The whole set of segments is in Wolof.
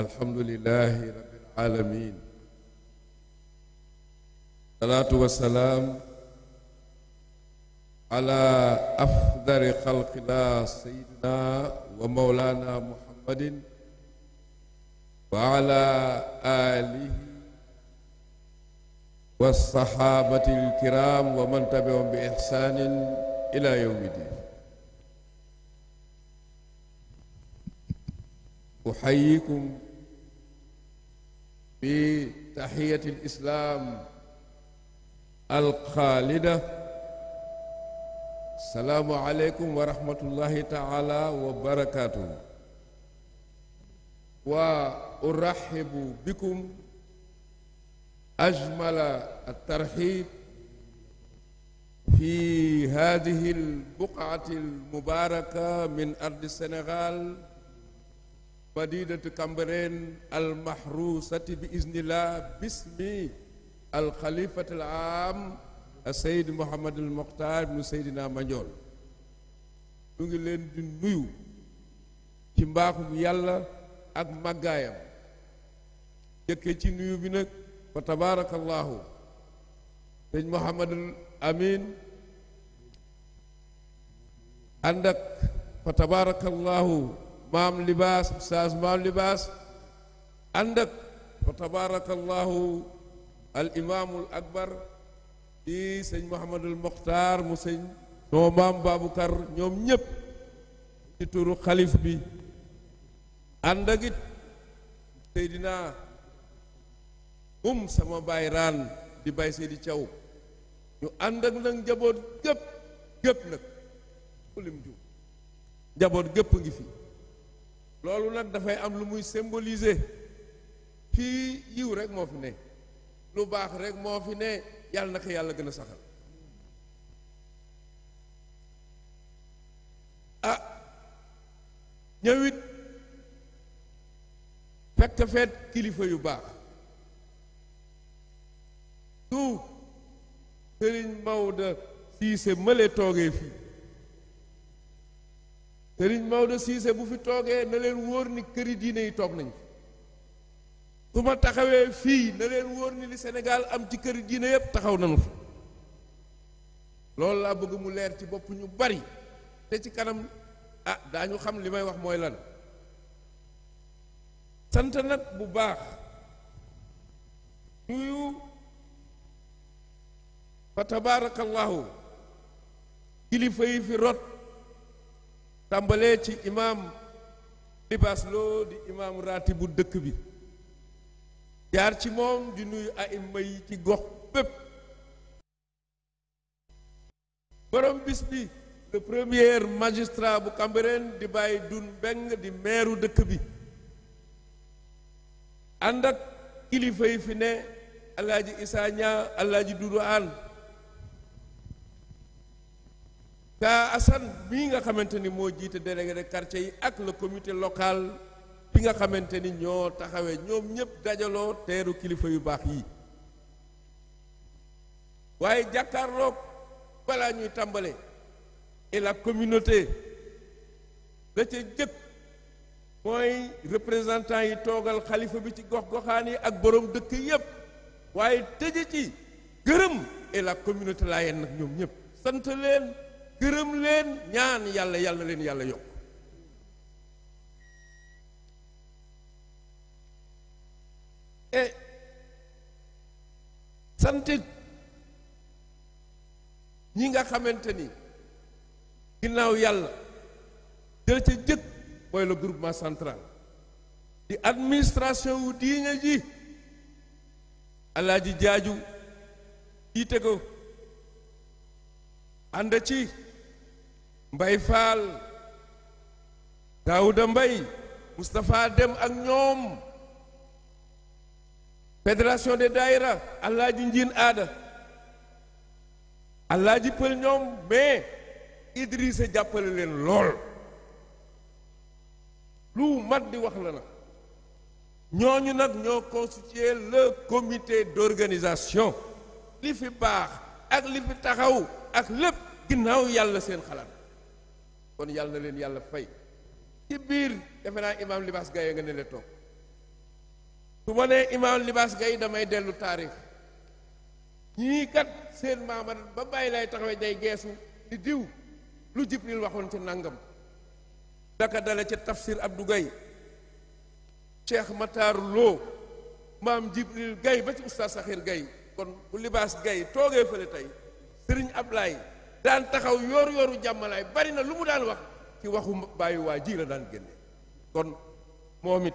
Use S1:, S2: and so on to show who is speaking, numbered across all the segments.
S1: alhamdulilahi rabbil alamin salaatu wassalaam ala afdari xalqillah sayidina wa maulana muhammadin wa ala alihi wa saxaabati alkiram wa man tabiahum bi ixsaanin ila yowmi din uxayikum بتحية الإسلام الخالدة السلام عليكم ورحمة الله تعالى وبركاته وأرحب بكم أجمل الترحيب في هذه البقعة المباركة من أرض السنغال madinatu Cambérène almahrusati bi iznillah bismi alxalifat al am Seyd Mouhamad al Mokhtar ibnu Seydina Mandiol ñu ngi leen di nuyu ci mbaaxum yàlla ak màggaayam jëkke ci nuyu bi nag fa tabarakallahu sëñ Mouhamadul Amin ànd ak fa tabarakallahu maam libaas saas maam libaas ànd ak fa tabaarakallahu al imaamul akbar di sëñ Mouhamadul Mokhtar mu sëñ moo maam Baabukar ñoom ñépp ci turu xalif bi ànd ak it Seydina um sama baay raan di bay Seydi Thiaw ñu ànd ak nag njaboot gépp gépp nag njaboot gépp ngi fi loolu nag dafay am lu muy symboliser fii yiw rek moo fi ne lu baax rek moo fi ne yàlla naka yàlla gën a saxal a ah, ñëwit fekk feet kilifa yu baax su sëriñ Maodo Cissé mële toogee fii sëriñ Maodo Cissé bu fi toogee na leen wóor ni këri diine yi toog nañ su ma taxawee fii na leen wóor ni li Sénégal am ci këri diine yépp taxaw nañu fi loolu laa bëgg mu leer ci bopp ñu bari te ci kanam a ah, daañu xam li may wax mooy lan sant nag bu baax nuyu fa tabaarakallaahu kilifa yi fi rot tàmbalee ci imaam libaas di imaam raati bu dëkk bi jaar ci moom di nuyu aima yi ci gox bépp borom bis bi le premier magistrat bu Cambérène di bàyyi dun beng di meeru dëkk bi ànd ak kilifa yi fi ne alaaji Isaa Ñaa alaaji Dudu Aan ka Assane bii nga xamante ni moo jiite délégué de quartier yi ak le comité local bi nga xamante ni ñoo taxawee ñoom ñëpp dajaloo teeru kilifa yu baax yi waaye jàkkaarlook balaa ñuy tàmbale et la communauté da ca jëkk mooy représentant yi toogal xalifa bi ci gox goxaan yi ak boroom dëkk yëpp waaye tëje ci gërëm et la communauté laa yeen nag ñoom ñëpp sant leen gërëm leen ñaan yàlla yàlla na leen yàlla yokk e eh, sante ñi nga xamante ni ginnaaw yàlla jël ca jëkk mooy le groupement central di administration wu diine ji alaaji jaaju jiite ko ànd ci Mbay Faal Daouda Mbay Moustapha Dem ak ñoom fédération des daïra Alaaji Njiin Aada Alaaji Pël ñoom mais Idrissa jàppale leen lool lu mat di wax la na ñooñu nag ñoo constituer le comité d'organisation li fi baax ak li fi taxaw ak lépp ginnaaw yàlla seen xalaat kon yàlla na leen yàlla fay ci biir defe naa imaam libaas gaye nga ne le toog su ma nee imaam libaas gaye damay dellu taarix ñii kat seen maama ba bàyyi lay taxawee day geesu di diw lu jibril waxoon ci nangam daka dale ca tafsir abdou gaye cheikh matar loo maam jibril gaye ba ci oustaz saxir gaye kon bu libaas gaye toogee fële tey sëriñ ablaay daan taxaw yooru yooru jàmmalaay bari na lu mu daan wax ci waxu bàyyi waa ji la daan génne kon moom it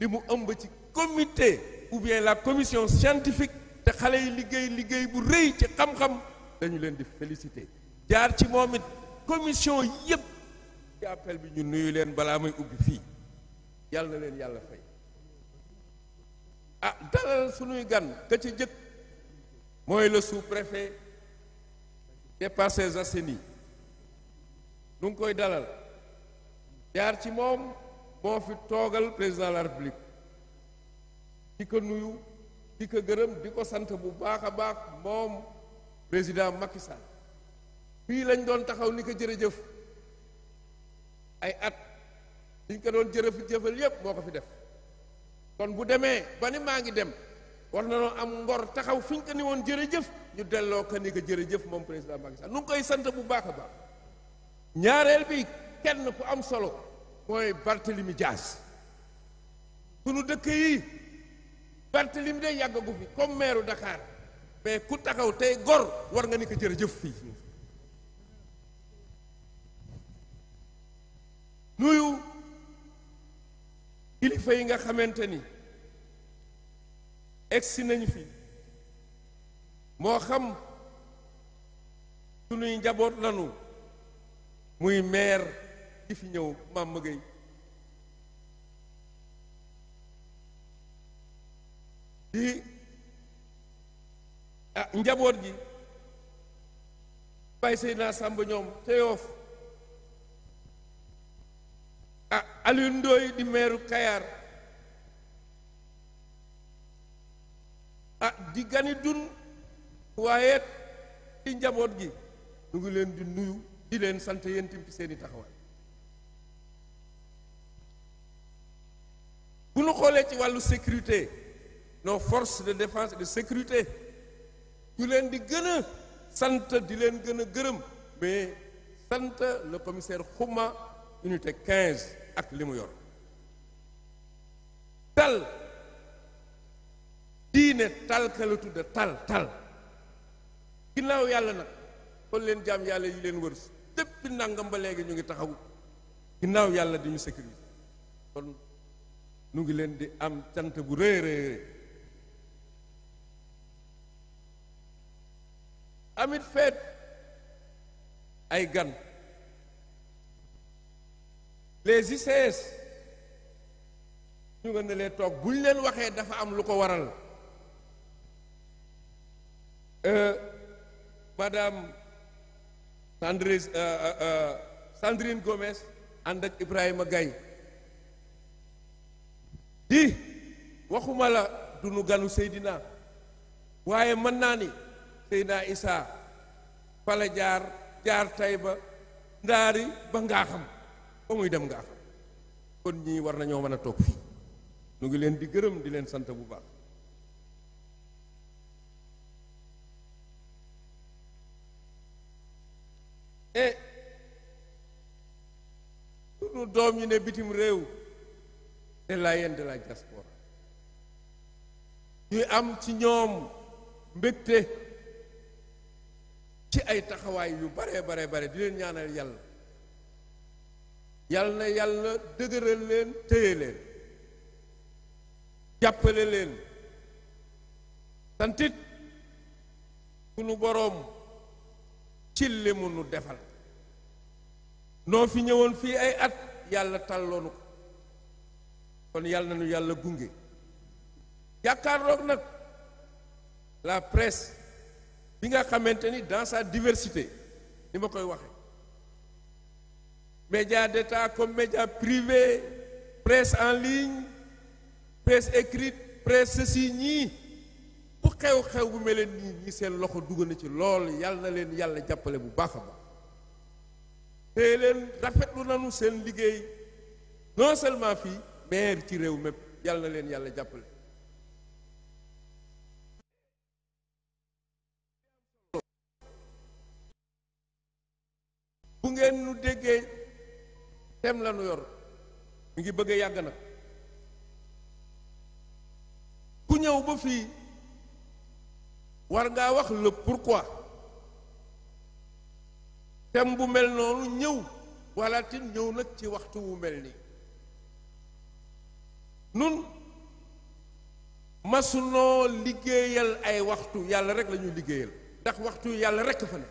S1: li mu ëmb ci comité ou bien la commission scientifique te xale yi liggéey liggéey bu rëy ci xam-xam dañu leen di féliciter jaar ci moom it commission yëpp ci appel bi ñu nuyu leen balaa may ubbi fii yàlla na leen yàlla fay ah dalal suñuy gan ka ci jëkk mooy le sous-préfet et Parcelles Assainies nu ngi koy dalal jaar ci moom moo fi toogal président la république di ko nuyu di ko gërëm di ko sant bu baax a baax moom président Macky Sall fii lañ doon taxaw ni ko jërëjëf ay at liñ ko doon jërëf jëfal yépp moo ko fi def kon bu demee ba ni maa ngi dem war na noo am ngor taxaw fi ñu ko ni woon jërëjëf ñu delloo ko ni ko jërëjëf moom président Macky Sall nu koy sant bu baax a baax ñaareel bi kenn ku am solo mooy Barthélemy Dias sunu dëkk yi Barthélemy de yàggagu fi comme meeru Dakar mais ku taxaw tey gor war nga ni ko jëf fii nuyu kilifa yi nga xamante ni egsi nañu fi moo xam sunuy njaboot lanu muy maire di fi ñëw maam mëgéy di ah njaboot gi bàyyi Seydina Sàmba ñoom te Yoof ah di meeru Kayaar ah di gani dun waaye ci njaboot gi ñu ngi leen di nuyu di leen sant yéen tamit seeni i taxawaay bu ñu xoolee ci wàllu sécurité nos force de défense et de sécurité du leen di gën a sant di leen gën a gërëm mais sant le commissaire Xuma unité 15 ak limu mu yor dal diine talka la tudda tal tal ginnaaw yàlla na xool leen jaam yàlla yi leen wër dépp nangam ba léegi ñu ngi taxaw ginnaaw yàlla di ñu sécuriser kon nu ngi leen di am cant bu rëy rëy amit feet ay gan les ICS ñu nga ne lee toog buñ leen waxee dafa am lu ko waral Euh, madame Sandrine euh, euh, euh Gomes ànd ak Ibrahima gay di waxuma la dunu ganu Seydina waaye mën naa ni Seydina Isa fala jaar jaar Tayba ndaari ba ngaa xam ba muy dem ngaa xam kon ñi war nañoo mën a toog fii nu ngi leen di gërëm di leen sant bu baax doom ñu ne bitim réew te Layène de la diaspora ñuy am ci ñoom mbégte ci ay taxawaay yu bare bare bare di leen ñaanal yàlla yàlla na yàlla dëgëral leen téye leen jàppale leen santit sunu boroom ci li mu nu defal noo fi ñëwoon fii ay at yàlla tàlloonu ko kon yàlla nañu yàlla gunge jàkkaarloog nag la presse bi nga xamante ni dans sa diversité ni ma koy waxe média d'état comme média privé presse en ligne presse écrite presse si ñii bu xew-xew bu mel ni ñi seen loxo dugg na ci lool yàlla na leen yàlla jàppale bu baax a téye leen rafetlu nanu seen liggéey non seulement fii maire ci réew mépp yàlla leen yàlla jàppale bu ngeen nu déggee tem la yor mi ngi bëgg yàgg na ku ñëw ba fii war ngaa wax le quoi tem bu mel noonu ñëw walaatin ñëw nag ci waxtu wu mel nii nun masunoo liggéeyal ay waxtu yàlla rek lañuy liggéeyal ndax waxtu yàlla rek fa ne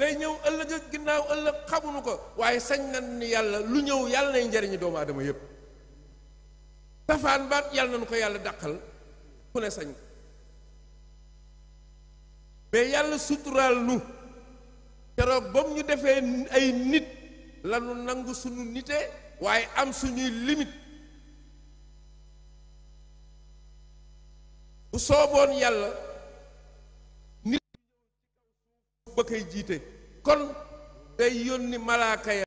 S1: lay ñëw ëllëg ak ginnaaw ëllëg xamuñu ko waaye sañ nañ ni yàlla lu ñëw yàlla nay njariñu doomu aadama yépp safaan baat yàlla nañu ko yàlla dàqal ku ne sañ mais yàlla suturaal nu keroog ba mu ñu defee ay nit lanu nangu suñu nite waaye am suñuy limite bu sooboon yàlla nit ba koy jiite kon day yónni malaaka ya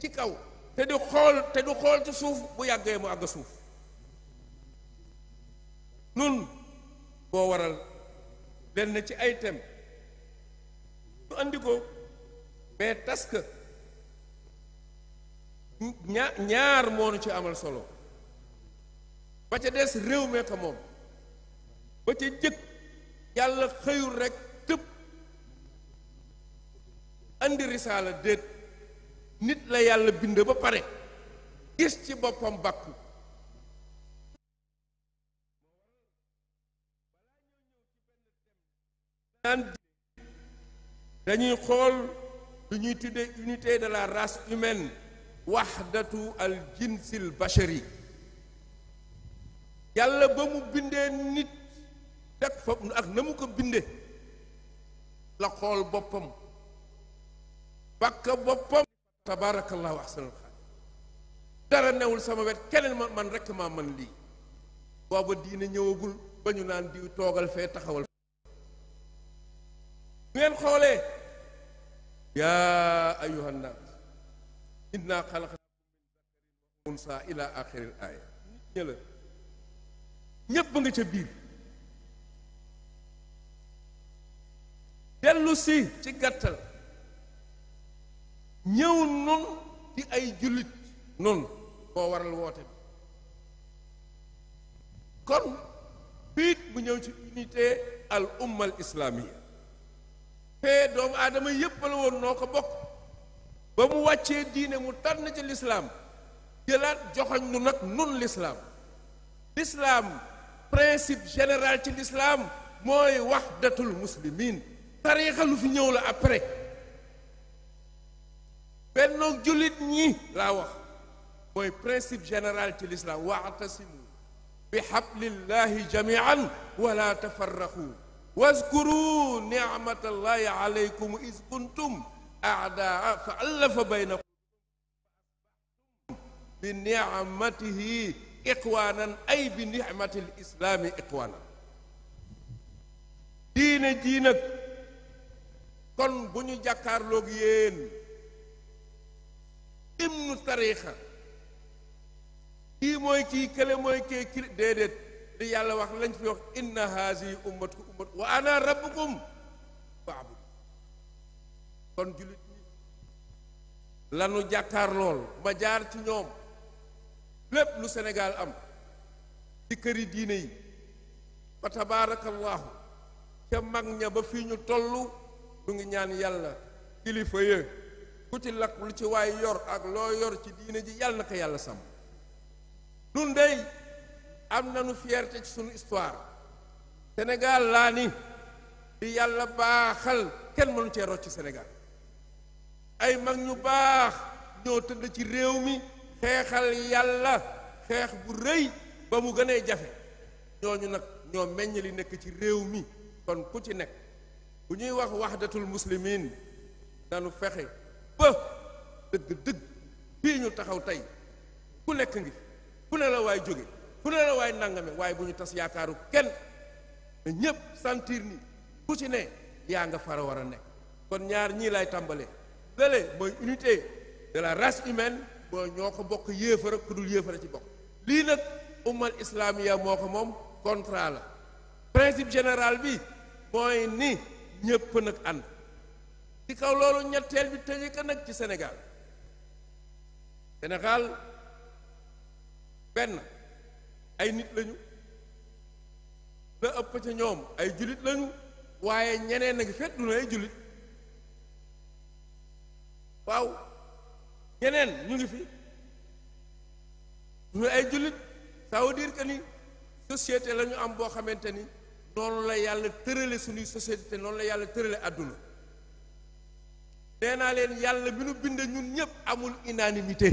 S1: ci kaw te du xool te du xool ci suuf bu yàggee mu àgg suuf nun boo waral lenn ci ay thème ñu ko mais tas ka ñaar ñaar moonu ci amal solo ba ca des réew mee moom ba ca jëkk yàlla xëyul rekk tëb andi risaala déet nit la yàlla bind ba pare gis ci boppam bàkku naan dañuy xool lu ñuy tuddee unité de la race humaine wahdatu al jinsil bashari yàlla ba mu bindee nit dak fa ak na mu ko bindee la xool boppam bakka boppam tabarakallahu ahsanul xaaliq dara newul sama wet keneen man man rekk maa man lii booba diine ñëwagul ba ñu naan diw toogal fee taxawal ngeen xoolee yaa ayuha nnaas inna xalaqnakum min zakarin wa ila axiril aaya nit ñi ñépp nga ca biir dellu si ci gàttal ñëw nun di ay jullit nun moo waral woote bi kon biit bu ñëw ci unité al umma al islamiyya pee doomu aadama yépp la woon noo ko bokk ba mu wàccee diine mu tànn ci lislaam jëlaat joxoñ nu nag nun lislaam lislaam principe général ci lislaam mooy wahdatul muslimin tariixa lu fi ñëw la après bennoog jullit ñi laa wax mooy principe général ci lislaam waatasimu bi hablillahi jamian wala tafarraqu waskuru ni'matallahi alaykum is kuntum a'daa fa allafa bayna bi ni'matihi iqwaanan ay bi ni'matil islaami iqwaanan diine jii nag kon bu ñu jàkkaarloog yéen ibnu tariixa kii mooy kii kële mooy kee kii déedéet li yàlla wax lañ fi wax inna haasi ummatukum ummatukum jàkkaar lool ma jaar ci ñoom lépp lu Sénégal am ci këri diine yi fa tabaarakallaahu ca mag ña ba fii ñu tollu du ngi ñaan yàlla kilifa ya ku ci lakk lu ci waay yor ak loo yor ci diine ji yàlla na yàlla sàmm nun dey am nañu fierté ci sunu histoire senegaal laa ni di yàlla baaxal kenn mënu cee rocc Sénégal ay mag ñu baax ñoo tëdd ci réew mi xeexal yàlla xeex bu rëy ba mu gënee jafe ñooñu nag ñoo meññ li nekk ci réew mi kon ku ci nekk bu ñuy wax waxdatul muslimin nanu fexe ba dëgg dëgg fii ñu taxaw tey ku nekk ngi ku ne la waay jóge ku ne la waaye nangame waaye bu ñu tas yaakaaru kenn ne ñépp sentir ni ku ci ne yaa nga fara war a nekk kon ñaar ñii lay tàmbalee lële mooy unité de la race humaine mooy ñoo ko bokk yéefara ku dul yéefara ci bokk lii nag ummal islamiya moo ko moom contrat la principe général bi mooy ni ñépp nag ànd ci kaw loolu ñetteel bi tëje ko nag ci Sénégal Sénégal benn ay nit lañu la ëpp ca ñoom ay jullit lañu waaye ñeneen a ngi fet du na ay jullit waaw ñeneen ñu ngi fi du na ay jullit ça veut ni société lañu am boo xamante ni noonu la yàlla tërale suñuy société noonu la yàlla tërale àdduna nee leen yàlla bi nu bind ñun ñëpp amul unanimité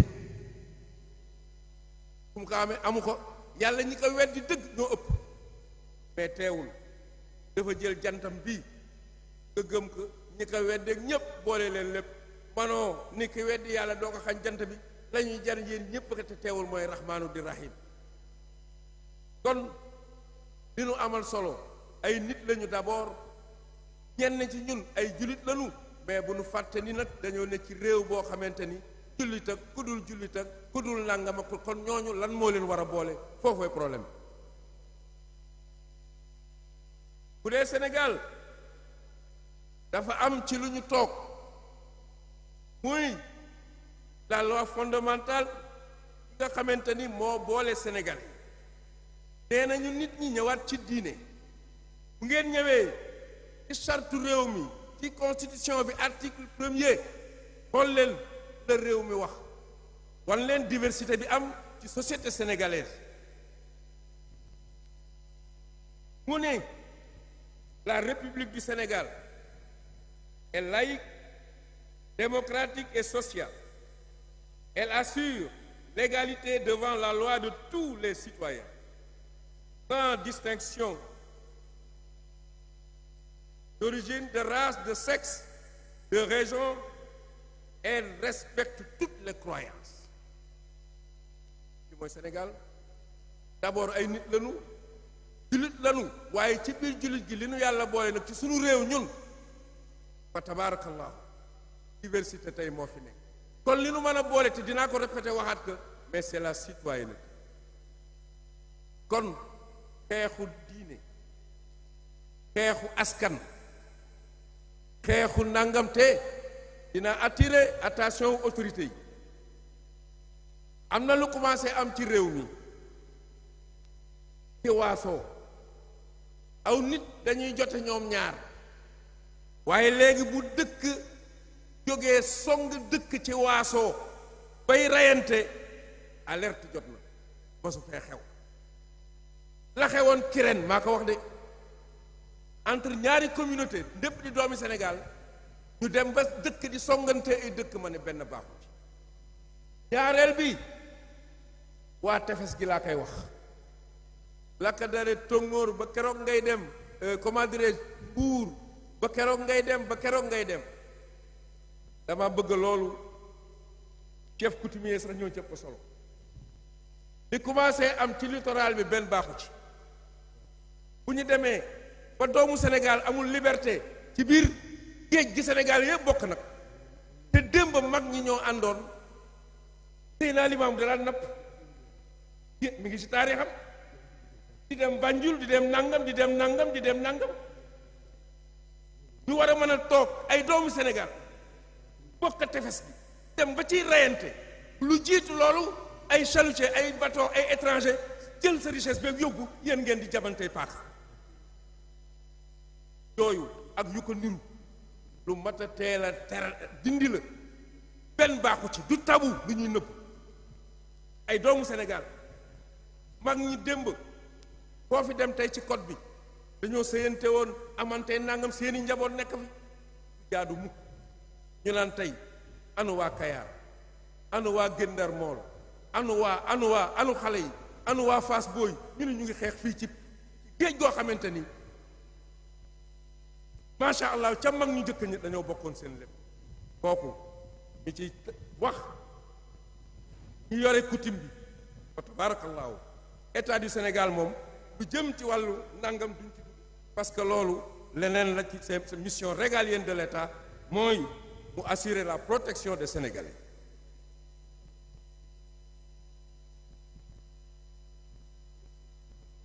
S1: fu mu ko amee amu ko yàlla ñi ko weddi dëgg ñoo ëpp mais teewul dafa jël jantam bii nga gëm ko ñi ko weddeeg ñépp boole leen lépp manoo ni ki weddi yàlla doo ko xañ jant bi lañuy jar yéen ñépp te teewul mooy rahmaanu di rahim kon li nu amal solo ay nit lañu d'abord ñenn ci ñun ay julit lañu mais bu nu fàtte ni nag dañoo ne ci réew boo xamante ni jullit ak ku dul jullit ak ku dul nàngam ak kon ñooñu lan moo leen war a boole foofu problème bu dee Sénégal dafa am ci lu ñu toog muy dal loi fondamentale bi nga xamante ni moo boole Sénégal nee nañu nit ñi ñëwaat ci diine bu ngeen ñëwee ci charte réew mi ci constitution bi article premier xool leen la réew mi wax leen diversité bi am ci société mu ne la République du Sénégal est laïque démocratique et sociale elle assure l'égalité devant la loi de tous les citoyens sans distinction d'origine de race de sexe de région elle respecte toutes les croyances li mooy Sénégal d'abord ay nit lañu jullit lañu waaye ci biir jullit gi li nu yàlla boole nag ci suñu réew ñun fa tabarakallahu diversité tey moo fi nekk kon li nu mën a boole te dinaa ko répété waxaat que mais c'est la citoyenneté kon xeexu diine xeexu askan xeexu nangamte dina attirer attention autorité yi am na lu commencé am ci réew mi ci waaso aw nit dañuy jote ñoom ñaar waaye léegi bu dëkk jógee song dëkk ci waaso bay reyante alerte jot na masu fee xew la xewoon kireen maa ko wax de entre ñaari communauté ndépp di doomi Sénégal ñu dem ba dëkk di songante ay dëkk ma ne benn baaxu ci ñaareel bi waa tefes gi laa koy wax la ko dare ba keroog ngay dem euh, comment dirais-je buur ba keroog ngay dem ba keroog ngay dem dama bëgg loolu chef coutumier sax ñoo cëpp solo li commencé am ci littoral bi benn baaxu ci bu ñu demee ba doomu Sénégal amul liberté ci biir géej gi Sénégal yëpp bokk nag te démb mag ñi ñoo àndoon sëy naa limaam da daan napp mi ngi ci taarixam di dem Banjul di dem nangam di dem nangam di dem nangam ñu war a mën a toog ay doomu Sénégal bokk tefes bi dem ba ci reyante lu jiit loolu ay chalutier ay bateau ay étranger jël sa richesse beeg yóbbu yéen ngeen di jabantey paax yooyu ak yu ko niru lu mat a teel ter dindi la benn baaxu ci du tabu lu ñuy nëbb ay doomu Sénégal mag ñi démb koo fi dem tey ci kot bi dañoo sëyante woon amante nangam seeni njaboot nekk fi jaadu mukk ñu naan tey anu waa Kayaar anu waa Gëndar Mool anu waa anu waa xale yi anu waa Fass Boy ñu ne ngi xeex fii ci géej goo xamante ni macha allah ca mag ñu njëkk ñi dañoo bokkoon seen lépp kooku ñu ci wax ñu yore coutume bi wa tabaarakallaahu état du Sénégal moom lu jëm ci wàllu nangam duñ parce que loolu leneen la ci sa mission régalienne de l'état mooy mu assurer la protection de Sénégalais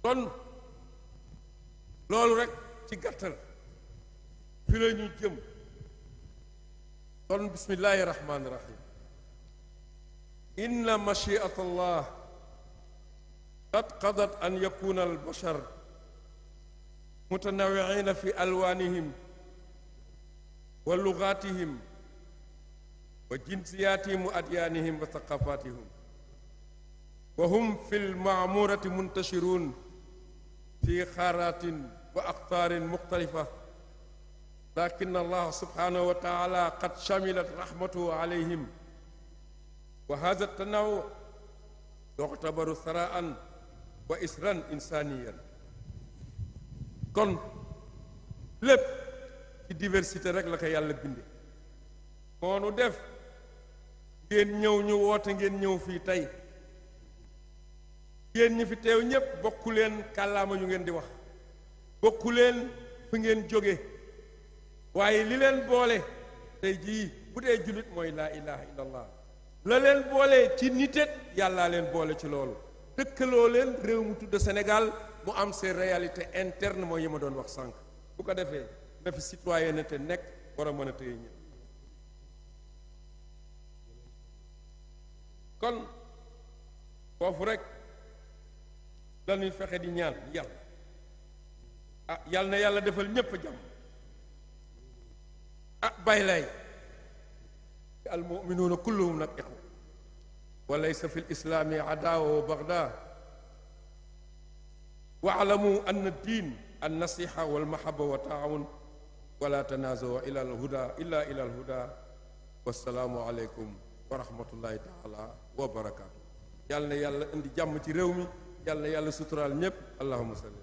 S1: kon loolu rek ci gàttal fi la ñu jëm kon bismillahi rahmaani rahim inna machiata allah qad qadat an yakuna albashar mutanawiina fi alwaanihim wa lugaatihim wa jinsiyaatihim wa adyaanihim wa saqafaatihim wa hum fi lmaamurati muntashiruun fi xaaraatin wa aqtaarin muxtalifa lakin allah subhanahu wa taala qad shamilat rahmatuhu alayhim wa hadha tanawu yuctabaru wa isran insaniyan kon lépp ci diversité rek la ko yàlla binde moo nu def ngeen ñëw ñu woote ngeen ñëw fii tey ngeen ñi fi teew ñépp bokku leen kàllaama ñu ngeen di wax bokk leen fi ngeen jóge waaye li leen boole tey jii bu dee jullit mooy laa ilaha illallah la leen boole ci nitet yàllaa leen boole ci loolu dëkkaloo leen réew mu tudd senegal mu am seen réalité interne mooy yi ma doon wax sànq bu ko defee na fi citoyenneté nekk war a mën a téye ñëpp kon foofu rek dañuy fexe di ñaan yàlla ah yàlla na yàlla defal ñépp jàmm ah bàyyi lay almuminuuna kulluhum nag ixwa walaysa fi lislaami adaawa wa bagda waalamu ann diin annasiha walmahaba wa taawun wala tanazawa ila alhuda illa ila alhuda wassalaamu aleykum wa rahmatullahi taala wa barakatu yàlla na yàlla indi jàmm ci réew mi yàlla na yàlla suturaal ñépp allahuma salli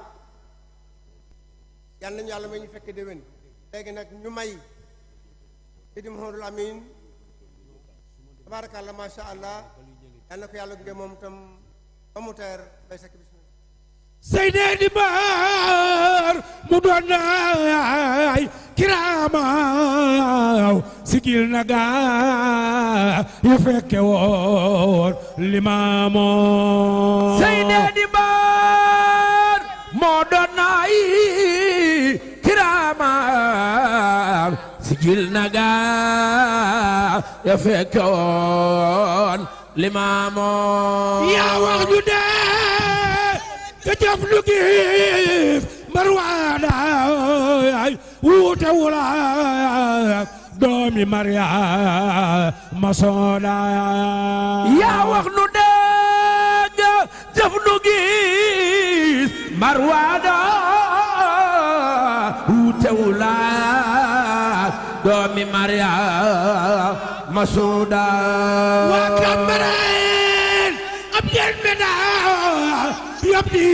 S1: yàlla nañu yàlla may ñu fekk déwén ñu may Seydi Mouhamadul Amin tabarakallah masha allah yàlla na ko yàlla gunge moom itam ba mu teer bay sekk baar mu doon naay kiraamaaw sigil na fekke woon limaamoo Seydi jil nagaa ya fekke woon limaamoon yaa wax ju dee ka jëf lu giif marwaanaay wuute wulaay doomi maryaa masoonaay yaa wax nu dégg jëf nu giis marwaana wuute wulaay doomi Maria Masuuda waa Cambérène ab yéen me daa yab di